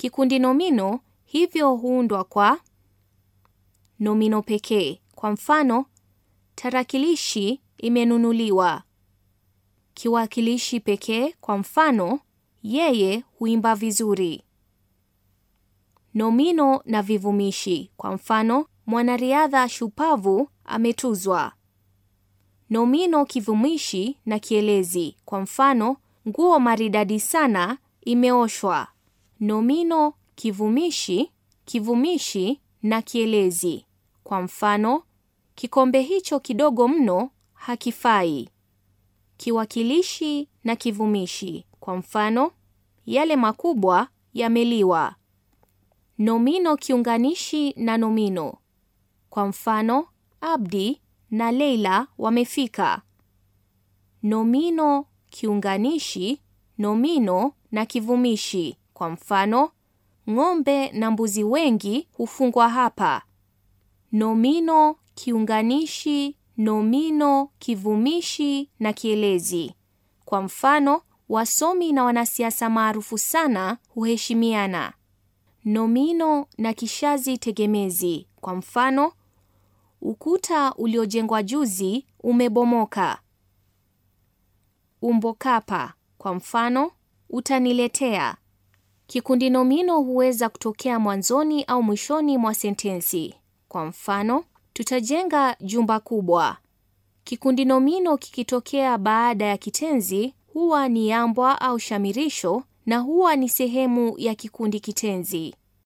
Kikundi nomino hivyo huundwa kwa nomino pekee. Kwa mfano, tarakilishi imenunuliwa. Kiwakilishi pekee. Kwa mfano, yeye huimba vizuri. Nomino na vivumishi. Kwa mfano, mwanariadha shupavu ametuzwa. Nomino kivumishi na kielezi. Kwa mfano, nguo maridadi sana imeoshwa nomino, kivumishi, kivumishi na kielezi. Kwa mfano, kikombe hicho kidogo mno hakifai. Kiwakilishi na kivumishi. Kwa mfano, yale makubwa yameliwa. Nomino kiunganishi na nomino. Kwa mfano, Abdi na Leila wamefika. Nomino kiunganishi, nomino na kivumishi. Kwa mfano, ng'ombe na mbuzi wengi hufungwa hapa. Nomino kiunganishi, nomino kivumishi na kielezi. Kwa mfano, wasomi na wanasiasa maarufu sana huheshimiana. Nomino na kishazi tegemezi. Kwa mfano, ukuta uliojengwa juzi umebomoka. Umbo kapa. Kwa mfano, utaniletea. Kikundi nomino huweza kutokea mwanzoni au mwishoni mwa sentensi. Kwa mfano, tutajenga jumba kubwa. Kikundi nomino kikitokea baada ya kitenzi huwa ni yambwa au shamirisho na huwa ni sehemu ya kikundi kitenzi.